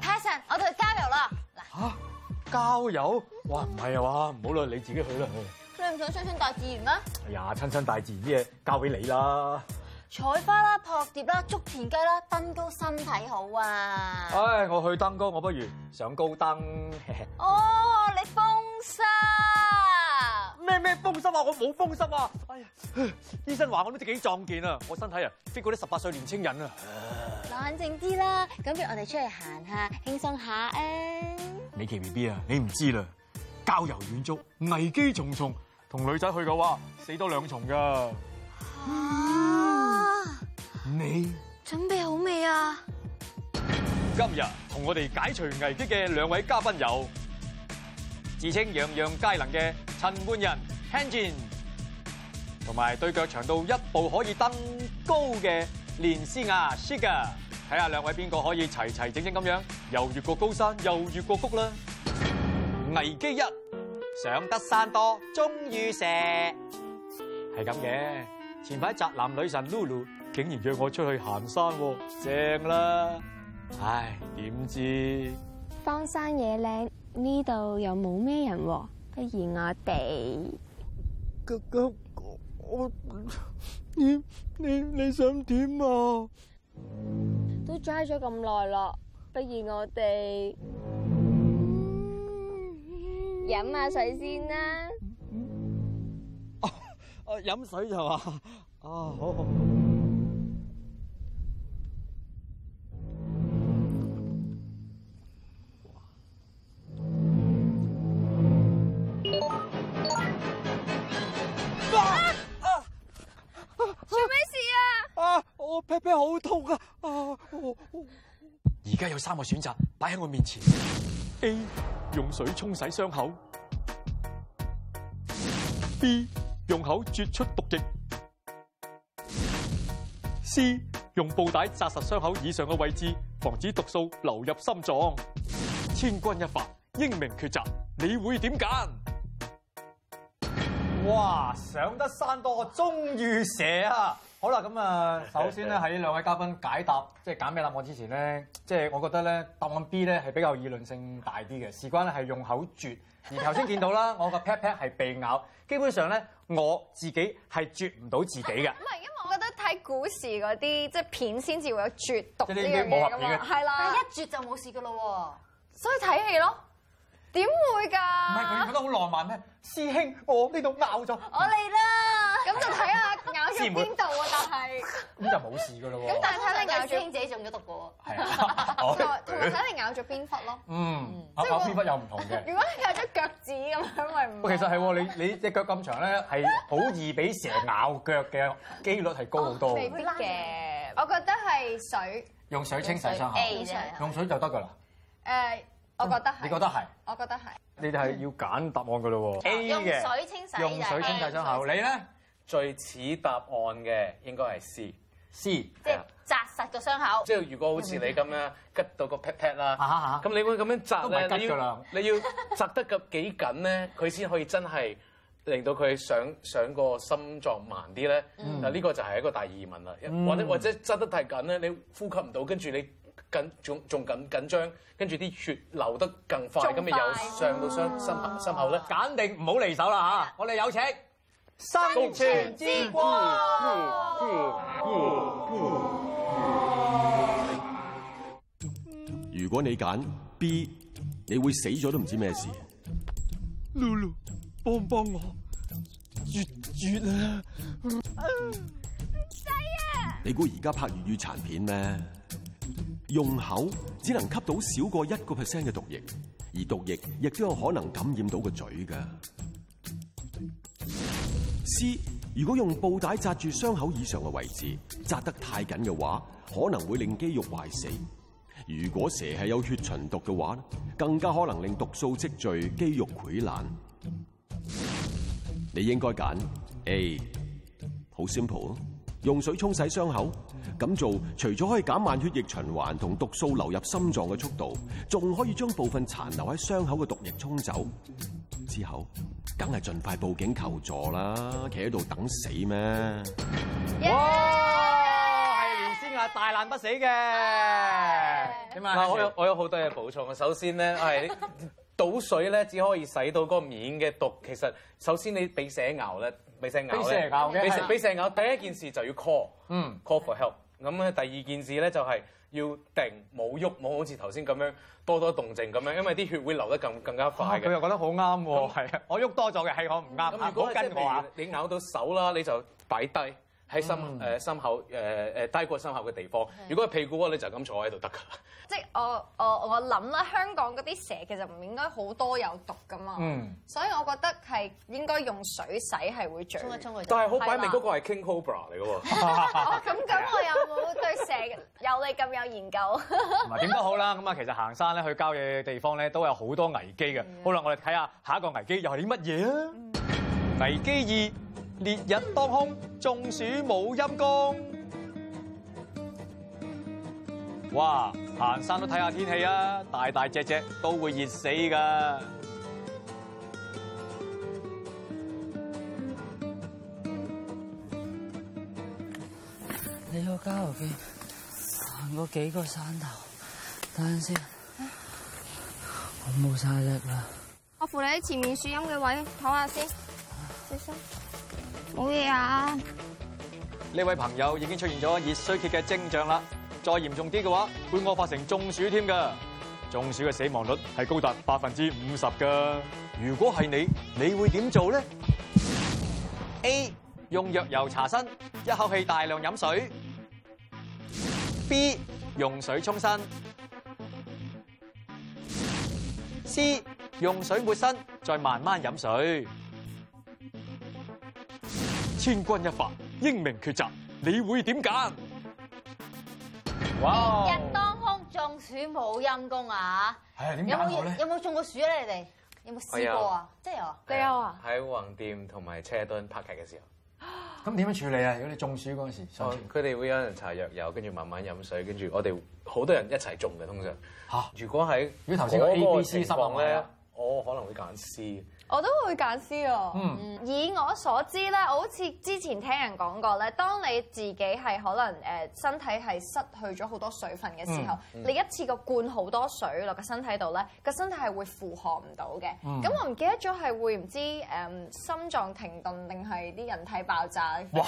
泰臣，我哋去郊遊啦！吓，郊遊？哇唔係啊嘛，唔好啦，你自己去啦。你唔想相信大自然咩？哎呀，親身大自然啲嘢，交俾你啦。採花啦，撲蝶啦，捉田雞啦，登高身體好啊！唉，我去登高，我不如上高登。哦 、oh，你封山。咩咩風濕啊！我冇風濕啊！哎呀，醫生話我都幾壯健啊！我身體啊，比嗰啲十八歲年青人啊。冷靜啲啦！咁不如我哋出去行下，輕鬆下啊！美琪 B B 啊，你唔知啦，郊遊遠足，危機重重，同女仔去嘅話，多死多兩重噶。啊、你準備好未啊？今日同我哋解除危機嘅兩位嘉賓有。自稱樣樣皆能嘅陳奐仁 Hanjin，同埋對腳長到一步可以登高嘅連詩雅 Shiga，睇下兩位邊個可以齊齊整整咁樣，又越過高山，又越過谷啦。危機一，上得山多，終遇蛇，係咁嘅。前排宅男女神 Lulu 竟然約我出去行山，正啦。唉，點知荒山野嶺。呢度又冇咩人，不如我哋……咁咁，我，我你你你想點啊？都揸咗咁耐咯，不如我哋飲下水先啦，啊。哦、啊，飲水就話，是，啊，好好。咩好痛啊！啊、而家有三個選擇擺喺我面前：A 用水沖洗傷口，B 用口啜出毒液，C 用布帶紮實傷口以上嘅位置，防止毒素流入心臟。千鈞一發，英明抉擇，你會點揀？哇！上得山多，我終遇蛇啊！好啦，咁啊，首先咧喺兩位嘉賓解答即係揀咩答案之前咧，即係我覺得咧，答案 B 咧係比較議論性大啲嘅，事關咧係用口啜。而頭先見到啦， 我個 pat pat 係被咬，基本上咧我自己係啜唔到自己嘅。唔係，因為我覺得睇古時嗰啲即係片先至會有啜毒呢啲嘢嘅嘛。係啦，後了但一啜就冇事嘅啦喎，所以睇戲咯。點會㗎？唔係佢哋覺得好浪漫咩？師兄，我呢度咬咗。我嚟啦！咁就睇下咬咗邊度啊！但係，咁就冇事㗎咯喎。咁但係你咬，師兄自己中咗毒㗎喎。係啊，同睇你咬咗邊忽咯。嗯，咬邊忽有唔同嘅。如果你咬咗腳趾咁樣，咪唔。其實係喎，你你隻腳咁長咧，係好易俾蛇咬腳嘅機率係高好多。未必嘅，我覺得係水，用水清洗傷口，用水就得㗎啦。誒。我覺得係。你覺得係？我覺得係。你哋係要揀答案噶嘞喎。A 嘅。用水清洗。用水清洗傷口。你咧最似答案嘅應該係 C。C。即係紮實個傷口。即係如果好似你咁樣吉到個 pat pat 啦。嚇咁你會咁樣紮？都唔係啦。你要紮得咁幾緊咧，佢先可以真係令到佢上上個心臟慢啲咧。嗱呢個就係一個大疑問啦。或者或者紮得太緊咧，你呼吸唔到，跟住你。緊，仲仲緊緊張，跟住啲血流得更快，咁咪又上到傷心口，心口咧，揀定唔好離手啦嚇！啊、我哋有請三國之光、嗯嗯嗯嗯嗯、如果你揀 B，你會死咗都唔知咩事、啊。露露，幫幫我，越越啊！啊啊你估而家拍粵語殘片咩？用口只能吸到少過一個 percent 嘅毒液，而毒液亦都有可能感染到個嘴㗎。C 如果用布帶紮住傷口以上嘅位置，紮得太緊嘅話，可能會令肌肉壞死。如果蛇係有血循毒嘅話，更加可能令毒素積聚，肌肉潰爛。你應該揀 A，好 simple，啊，用水沖洗傷口。咁做除咗可以減慢血液循環同毒素流入心臟嘅速度，仲可以將部分殘留喺傷口嘅毒液沖走。之後，梗係盡快報警求助啦，企喺度等死咩？哇！係，原先生大難不死嘅。點啊 Yeah.？我有我有好多嘢補充啊。首先咧，係。倒水呢，只可以洗到個面嘅毒。其實首先你俾蛇，蛇咬呢，俾蛇咬呢，俾蛇俾蛇咬第一件事就要 call，call、嗯、call for help。咁第二件事呢，就係要定，冇喐冇好似頭先咁樣多多動靜咁樣，因為啲血會流得更更加快嘅。佢、啊、又覺得好啱喎，我喐多咗嘅，係我唔啱，唔好跟我啊！你咬到手啦，你就擺低。喺心誒心口誒誒、呃、低過心口嘅地方，是的 如果係屁股嘅話，你就咁坐喺度得㗎啦。即係我我我諗啦，香港嗰啲蛇其實唔應該好多有毒噶嘛，嗯、所以我覺得係應該用水洗係會着。沖一沖，但係好擺明嗰個係 King Cobra 嚟㗎喎。咁咁，我有冇對蛇有你咁有研究？唔係點都好啦，咁啊其實行山咧去郊野嘅地方咧都有好多危機嘅。嗯、好啦，我哋睇下下一個危機又係啲乜嘢啊？嗯、危機二。烈日當空，中暑冇陰功。哇！行山都睇下天氣啊，大大隻隻都會熱死㗎。你個加油機行過幾個山頭，等陣先，我冇曬力啦。我扶你喺前面樹蔭嘅位唞下先，小心。好嘢啊！呢位朋友已經出現咗熱衰竭嘅徵象啦，再嚴重啲嘅話會惡化成中暑添噶，中暑嘅死亡率係高達百分之五十噶。如果係你，你會點做咧？A 用藥油搽身，一口氣大量飲水。B 用水沖身。C 用水抹身，再慢慢飲水。千鈞一髮，英明抉擇，你會點揀？哇、烈日當空，中暑冇陰功啊！係啊、哎，點揀有冇中過暑咧？你哋有冇試過啊？我有真有啊！幾有啊？喺橫店同埋車墩拍劇嘅時候，咁點、啊、樣處理啊？如果你中暑嗰陣時，佢哋會有人搽藥油，跟住慢慢飲水，跟住我哋好多人一齊中嘅通常。嚇、啊！如果喺如果頭先個 A B C 失望咧，嗎我可能會揀 C。我都會揀絲啊！以我所知咧，我好似之前聽人講過咧，當你自己係可能誒身體係失去咗好多水分嘅時候，你一次過灌好多水落個身體度咧，個身體係會負荷唔到嘅。咁我唔記得咗係會唔知誒心臟停頓定係啲人體爆炸？哇！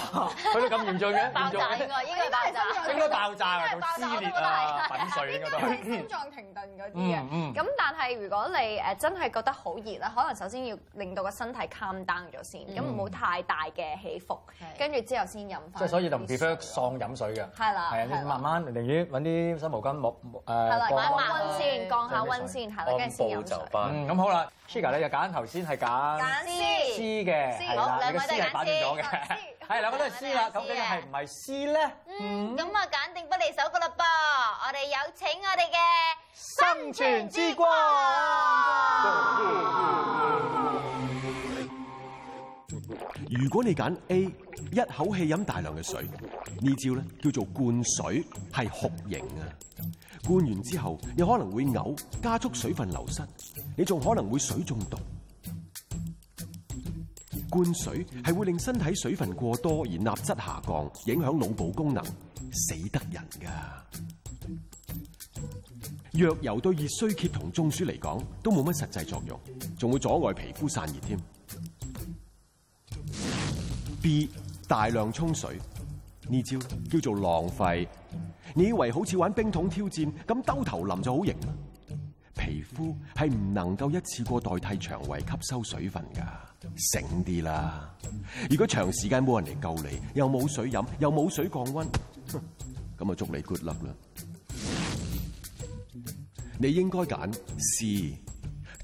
佢哋咁嚴重嘅？爆炸邊個？應該爆炸啊！撕裂啊！粉碎嗰度。應該係心臟停頓嗰啲嘅。咁但係如果你誒真係覺得好熱咧，可能首先要。令到個身體 calm down 咗先，咁唔好太大嘅起伏，跟住之後先飲。即係所以唔 prefer 喪飲水嘅。係啦，係啊，你慢慢寧願揾啲濕毛巾抹誒。係啦，降溫先，降下溫先，係啦，跟住先飲水。嗯，咁好啦 Shiga 你就又揀頭先係揀絲嘅，係啦，佢絲變咗嘅。係兩位都係絲啦，咁一樣係唔係絲咧？嗯，咁啊揀定不離手嘅嘞噃，我哋有請我哋嘅生存之光。如果你揀 A，一口氣飲大量嘅水，呢招咧叫做灌水，係酷刑啊！灌完之後又可能會嘔，加速水分流失，你仲可能會水中毒。灌水係會令身體水分過多而鈉質下降，影響腦部功能，死得人噶、啊。藥油對熱衰竭同中暑嚟講都冇乜實際作用，仲會阻礙皮膚散熱添。B 大量沖水，呢招叫做浪費。你以為好似玩冰桶挑戰咁兜頭淋就好型啊？皮膚係唔能夠一次過代替腸胃吸收水分㗎。醒啲啦！如果長時間冇人嚟救你，又冇水飲，又冇水降溫，咁啊祝你 good luck 啦！你應該揀 C，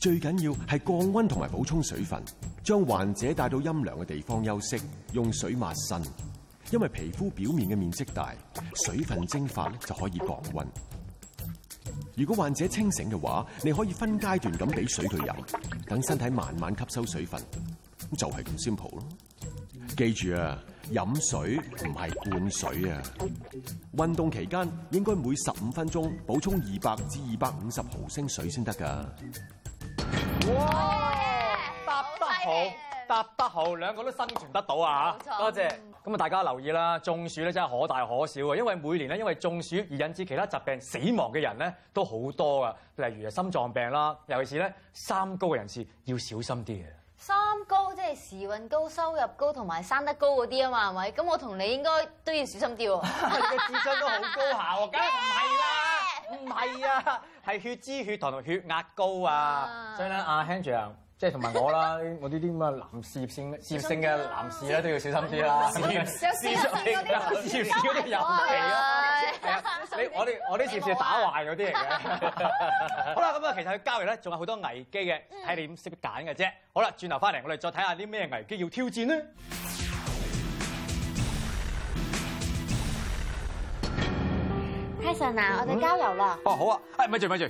最緊要係降溫同埋補充水分。將患者帶到陰涼嘅地方休息，用水抹身，因為皮膚表面嘅面積大，水分蒸發就可以降溫。如果患者清醒嘅話，你可以分階段咁俾水佢飲，等身體慢慢吸收水分，咁就係咁先好咯。記住啊，飲水唔係灌水啊！運動期間應該每十五分鐘補充二百至二百五十毫升水先得噶。哇好，答得好。兩個都生存得到啊，冇錯，多謝。咁啊，大家留意啦，中暑咧真係可大可小啊，因為每年咧因為中暑而引致其他疾病死亡嘅人咧都好多啊。例如係心臟病啦，尤其是咧三高嘅人士要小心啲啊。三高即係時運高、收入高同埋生得高嗰啲啊嘛，係咪？咁我同你應該都要小心啲喎。 你智商都好高下喎，梗係唔係啦？唔係啊，係血脂、血糖同血壓高啊。所以咧，阿 Hanjin。Andrew，即係同埋我啦，我呢啲咁嘅男士業性、事業性嘅男士咧都要小心啲啦。事業性啊，事業啲遊戲啊，你我啲我啲事業打壞嗰啲嚟嘅。好啦，咁啊，其實去郊遊咧，仲有好多危機嘅，睇你點識揀嘅啫。好啦，轉頭翻嚟，我哋再睇下啲咩危機要挑戰咧。阿神啊，我哋郊遊啦。哦，好啊，誒，咪住咪住。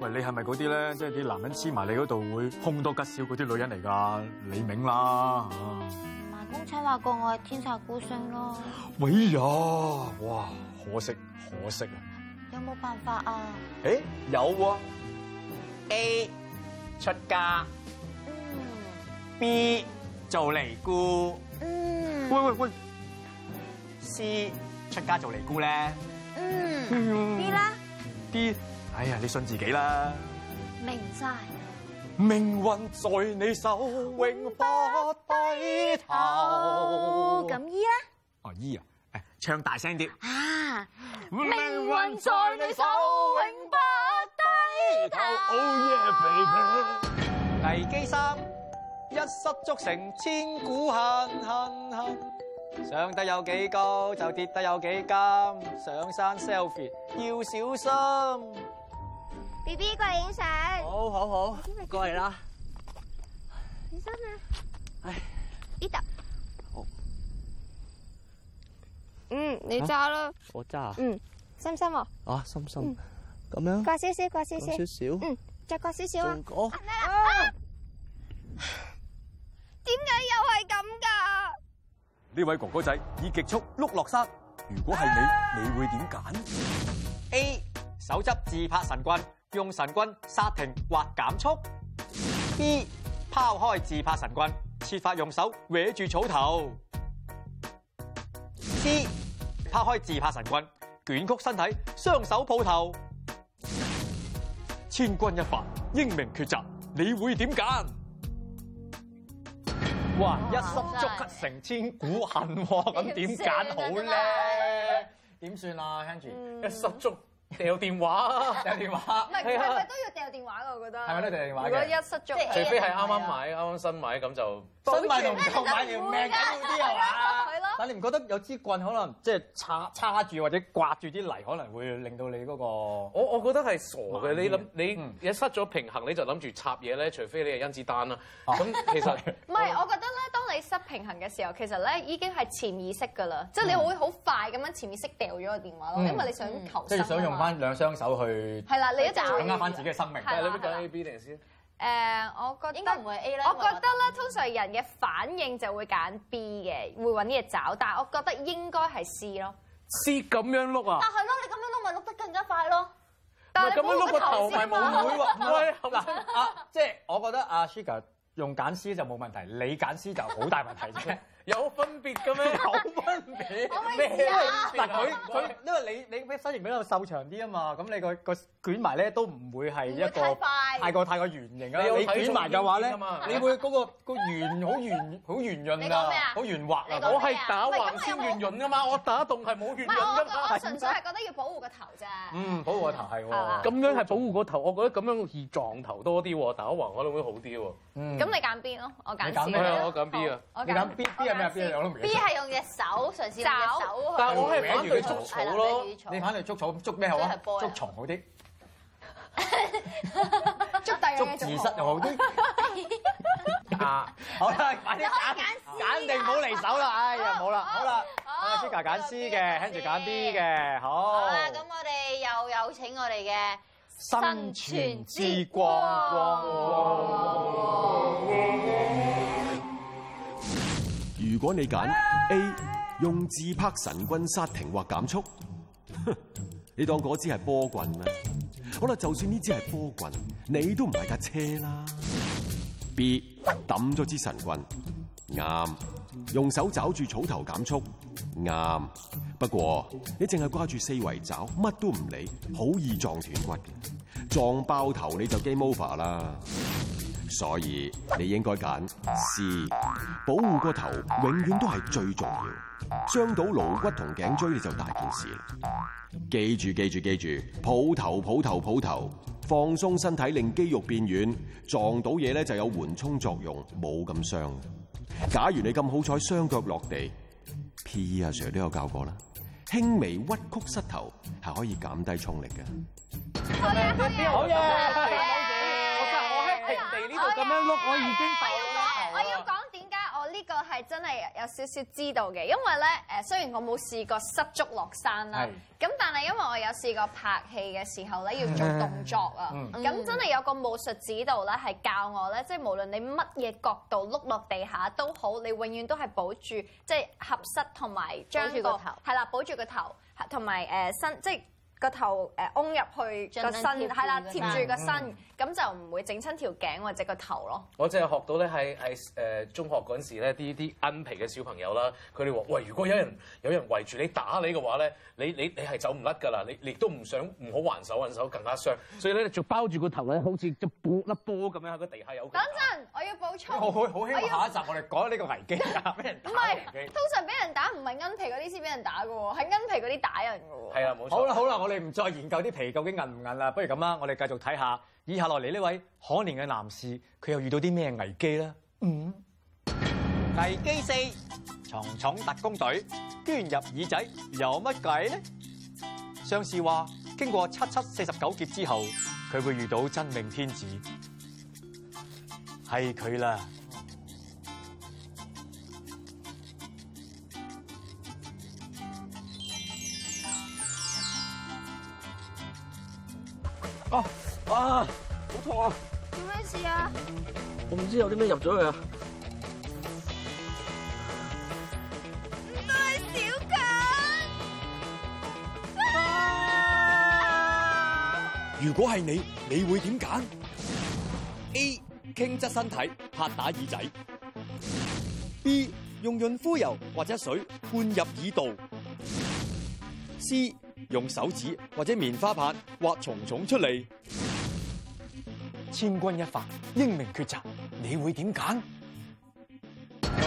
喂，你係咪嗰啲咧，即係啲男人黐埋你嗰度會凶多吉少嗰啲女人嚟噶？你、嗯、明啦，盲公仔話過我係天煞孤星咯。喂、哎、呀，哇，可惜可惜啊！有冇辦法啊？誒、欸，有啊。A 出家，嗯。B 做尼姑，嗯。喂喂喂，C 出家做尼姑咧，嗯。嗯 B 啦呢，D。哎呀，你信自己啦！明晒，命運在你手，永不低頭。咁衣啊哦，衣啊！誒，唱大聲啲。啊，命運在你手，永不低頭。低頭 oh yeah, baby, 危機三，一失足成千古恨，恨，恨恨。上得有幾高，就跌得有幾甘，上山 selfie 要小心。B B 過嚟影相，好好好，過嚟啦。點深啊？哎，呢度，嗯，你揸咯，我揸啊。嗯，深唔深啊？啊，深深，咁樣，掛少少，掛少少，少少，嗯，再掛少少啊。仲講，點解又係咁噶？呢位哥哥仔以極速碌落山，如果係你，你會點揀？A，手執自拍神棍。用神棍剎停或減速。B，拋開自拍神棍，設法用手搲住草頭。C，拋開自拍神棍，捲曲身體，雙手抱頭。千鈞一髮，英明抉擇，你會點揀？哇！一失足成千古恨，咁點揀好咧？點算啊，Henry？一失足。掉電話，掉電話。唔係，佢係咪都要掉電話嘅，我覺得。係啊，都掉電話嘅。如果一失咗，除非係啱啱買、啱啱新買咁就。新買同同買條命緊要啲係嘛？但你唔覺得有支棍可能即係插插住或者刮住啲泥可能會令到你嗰個？我我覺得係傻嘅，你諗你一失咗平衡你就諗住插嘢咧，除非你係甄子丹啦。咁其實。唔係，我覺得咧都。失平衡嘅時候，其實咧已經係潛意識㗎啦，即係你會好快咁樣潛意識掉咗個電話咯，因為你想求生。即係想用翻兩雙手去。係啦，你一陣。握翻自己嘅生命。係係係。A B 定係先？誒，我覺得應該唔會 A 啦。我覺得咧，通常人嘅反應就會揀 B 嘅，會揾啲嘢找。但係我覺得應該係 C 咯。C 咁樣碌啊！但係咯，你咁樣碌咪碌得更加快咯？但係咁樣碌個頭。唔係冇會喎，唔會。好啦，阿即係我覺得阿 Sugar。用剪絲就冇問題，你剪絲就好大問題啫 有分別嘅咩？ 有分別咩？係嗱， 佢佢 因為你你身形比較瘦長啲啊嘛，咁你個、那個。那個捲埋咧都唔會係一個太過太過圓形啊！你捲埋嘅話咧，你會嗰個個圓好圓好圓潤啊！好圓滑啊！我係打橫先圓潤㗎嘛！我打戙係冇圓潤嘅。唔係我我純粹係覺得要保護個頭啫。嗯，保護個頭係喎，咁樣係保護個頭。我覺得咁樣易撞頭多啲喎，打橫可能會好啲喎。嗯，咁你揀邊咯？我揀。你揀 A 啊？我揀 B 啊？我揀 B。B 係用隻手，嘗試用隻手去搲住條草咯。你搵條草，捉咩好啊？捉蟲好啲。捉大又自好，捉自殺又好啲。好啊，好啦，快啲揀，揀定唔好離手啦！哎呀，好啦，好啦，Shiga 揀 C 嘅跟住 Henry 揀 B 嘅，好。好啦，咁我哋又有請我哋嘅生存之光，光。如果你揀 A，用自拍神棍剎停或減速， 你當嗰支係波棍啊！好啦，就算呢支係波棍，你都唔係架車啦。B 抌咗支神棍，啱，用手抓住草頭減速，啱。不過你淨係掛住四圍抓，乜都唔理，好易撞斷骨，撞爆頭你就 game over 啦。所以你應該揀 C，保護個頭永遠都係最重要。傷到顱骨同頸椎就大件事啦！記住記住記住，抱頭抱頭抱頭，放鬆身體令肌肉變軟，撞到嘢咧就有緩衝作用，冇咁傷。假如你咁好彩，雙腳落地，P E Sir 都有教過啦，輕微屈曲膝頭係可以減低衝力嘅。好嘢！好嘢！我喺平地呢度咁樣碌，我已經發咗呢個係真係有少少知道嘅，因為咧誒，雖然我冇試過失足落山啦，咁的但係因為我有試過拍戲嘅時候咧，要做動作啊，咁 真係有個武術指導咧係教我咧，即係無論你乜嘢角度碌落地下都好，你永遠都係保住即係合膝同埋將住個頭係啦，保住個頭同埋誒身即係。個頭誒凹入去個身，係啦，貼住個身，咁、嗯、就唔會整親條頸或者個頭咯。我就係學到咧，喺喺誒中學嗰陣時咧，啲啲奀皮嘅小朋友啦，佢哋話：喂，如果有人、嗯、有人圍住你打你嘅話咧，你你你係走唔甩㗎啦，你亦都唔想唔好還手，還手更加傷。所以咧，就包住個頭咧，好似就粒波咁樣喺個地下有。等陣，我要補充好好。好希望下一集我哋講呢個危機。唔係我要， 是通常俾人打唔係奀皮嗰啲先俾人打㗎喎，係奀皮嗰啲打人㗎喎。係啦、哦啊，冇錯。好啦，好啦。我哋唔再研究啲皮究竟硬唔硬啦，不如咁啦，我哋繼續睇下，以下落嚟呢位可憐嘅男士，佢又遇到啲咩危機咧？嗯，危機四，蟲蟲特攻隊捐入耳仔有乜計咧？上次話經過七七四十九劫之後，佢會遇到真命天子，係佢啦。啊！好痛啊！做咩事啊？我唔知有啲咩入咗去啊！唔係小強！如果係你，你會點揀？A. 傾側身體拍打耳仔。B. 用潤膚油或者水灌入耳道。C. 用手指或者棉花棒挖蟲蟲出嚟。千鈞一發，英明抉擇，你會點揀？蟲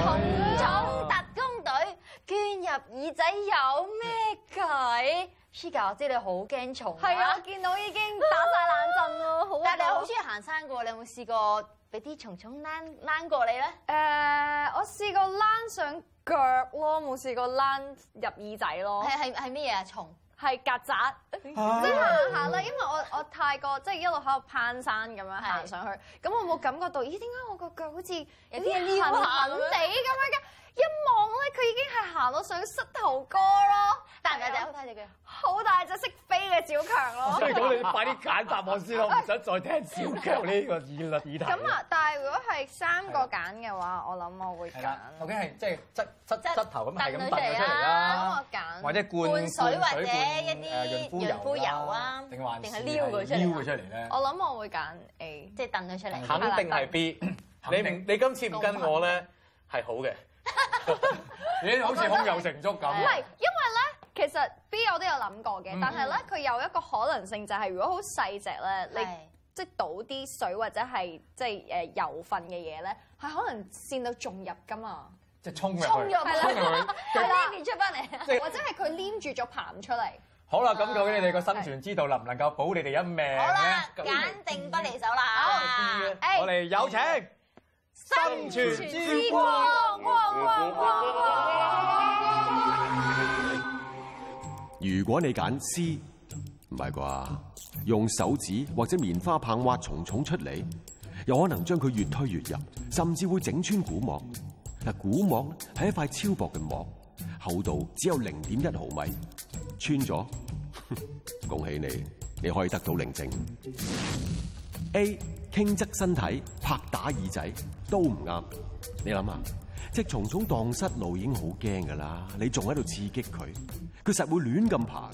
蟲特工隊捐入耳仔有咩計？Shiga，我知你好驚蟲，係啊，我見到已經打晒冷震咯。但係你好中意行山噶，你有冇試過俾啲蟲蟲攋攋過你咧？誒，我試過攋上腳咯，冇試過攋入耳仔咯。係係係咩嘢啊？蟲？係曱甴，是啊，即係行下啦，因為我我太過即係一路喺度攀山咁樣行上去，咁是我冇感覺到，咦點解我個腳好似有啲痕痕地咁樣嘅？ 一望咧，佢已經係行到上膝頭哥咯。大唔大隻？好大隻，好大隻，識飛嘅小強咯。所以你快啲揀答案先咯，唔想再聽小強呢個議題。咁啊，但係如果係三個揀嘅話，我諗我會揀。究竟係即係側側側頭咁係咁揼咗出嚟啦，或者灌灌水或者一啲潤膚油啊，定還是係撩佢出嚟咧？我諗我會揀 A，即係揼佢出嚟。肯定係 B。你唔你今次唔跟我咧係好嘅。你好似胸有成竹咁。唔係，因為咧，其實 B 我都有諗過嘅，但係咧，佢有一個可能性就係，如果好細隻咧，你即係倒啲水或者係即係誒油份嘅嘢咧，係可能先到仲入㗎嘛。即係衝入去。衝入去，係啦，佢黏住出翻嚟，或者係佢黏住咗爬唔出嚟。好啦，咁究竟你哋個生存之道能唔能夠保你哋一命咧？好啦，堅定不離手啦。好，我哋有請。生存之光，光光光！如果你揀 C，唔係啩？用手指或者棉花棒挖蟲蟲出嚟，有可能將佢越推越入，甚至會整穿鼓膜。嗱，鼓膜係一塊超薄嘅膜，厚度只有零點一毫米，穿咗， 恭喜你，你可以得到寧靜 A。傾側身體拍打耳仔都唔啱，你諗下，隻蟲蟲蕩失路已經好驚噶啦，你仲喺度刺激佢，佢實會亂咁爬，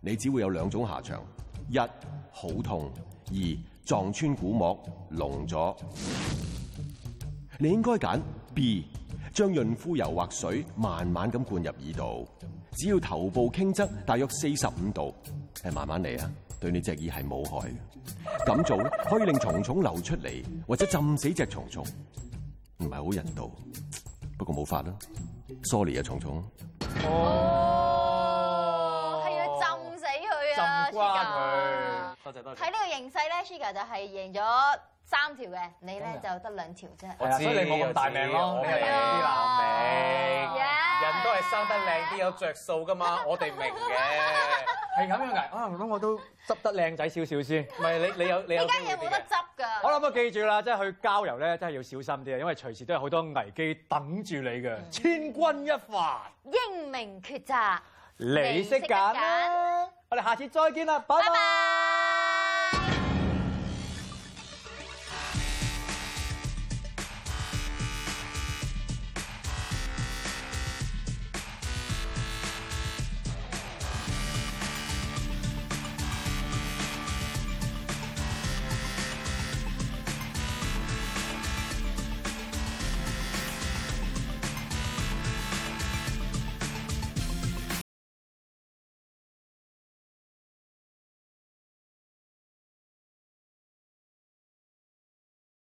你只會有兩種下場：一好痛，二撞穿鼓膜聾咗。你應該揀 B，將潤膚油或水慢慢咁灌入耳道，只要頭部傾側大約四十五度，係，慢慢嚟啊。對你隻耳係冇害嘅，咁做咧可以令蟲蟲流出嚟，或者浸死隻蟲蟲，唔係好人道，不過冇法啦。Sorry 啊，蟲蟲。哦，係要浸死佢啊！浸乾佢。多謝多謝。睇呢個形勢咧，Shiga 就係贏咗。三條嘅，你咧就得兩條啫。我知，你冇咁大命咯。我啲男命，人都係生得靚啲有着數噶嘛。我哋明嘅，係咁樣㗎。啊，咁我都執得靚仔少少先。唔係你，你有你有。依家嘢冇得執㗎。好啦，咁就記住啦，即係去郊遊咧，真係要小心啲啊，因為隨時都有好多危機等住你嘅，千鈞一髮，英明抉擇，你識揀啦。我哋下次再見啦，拜拜。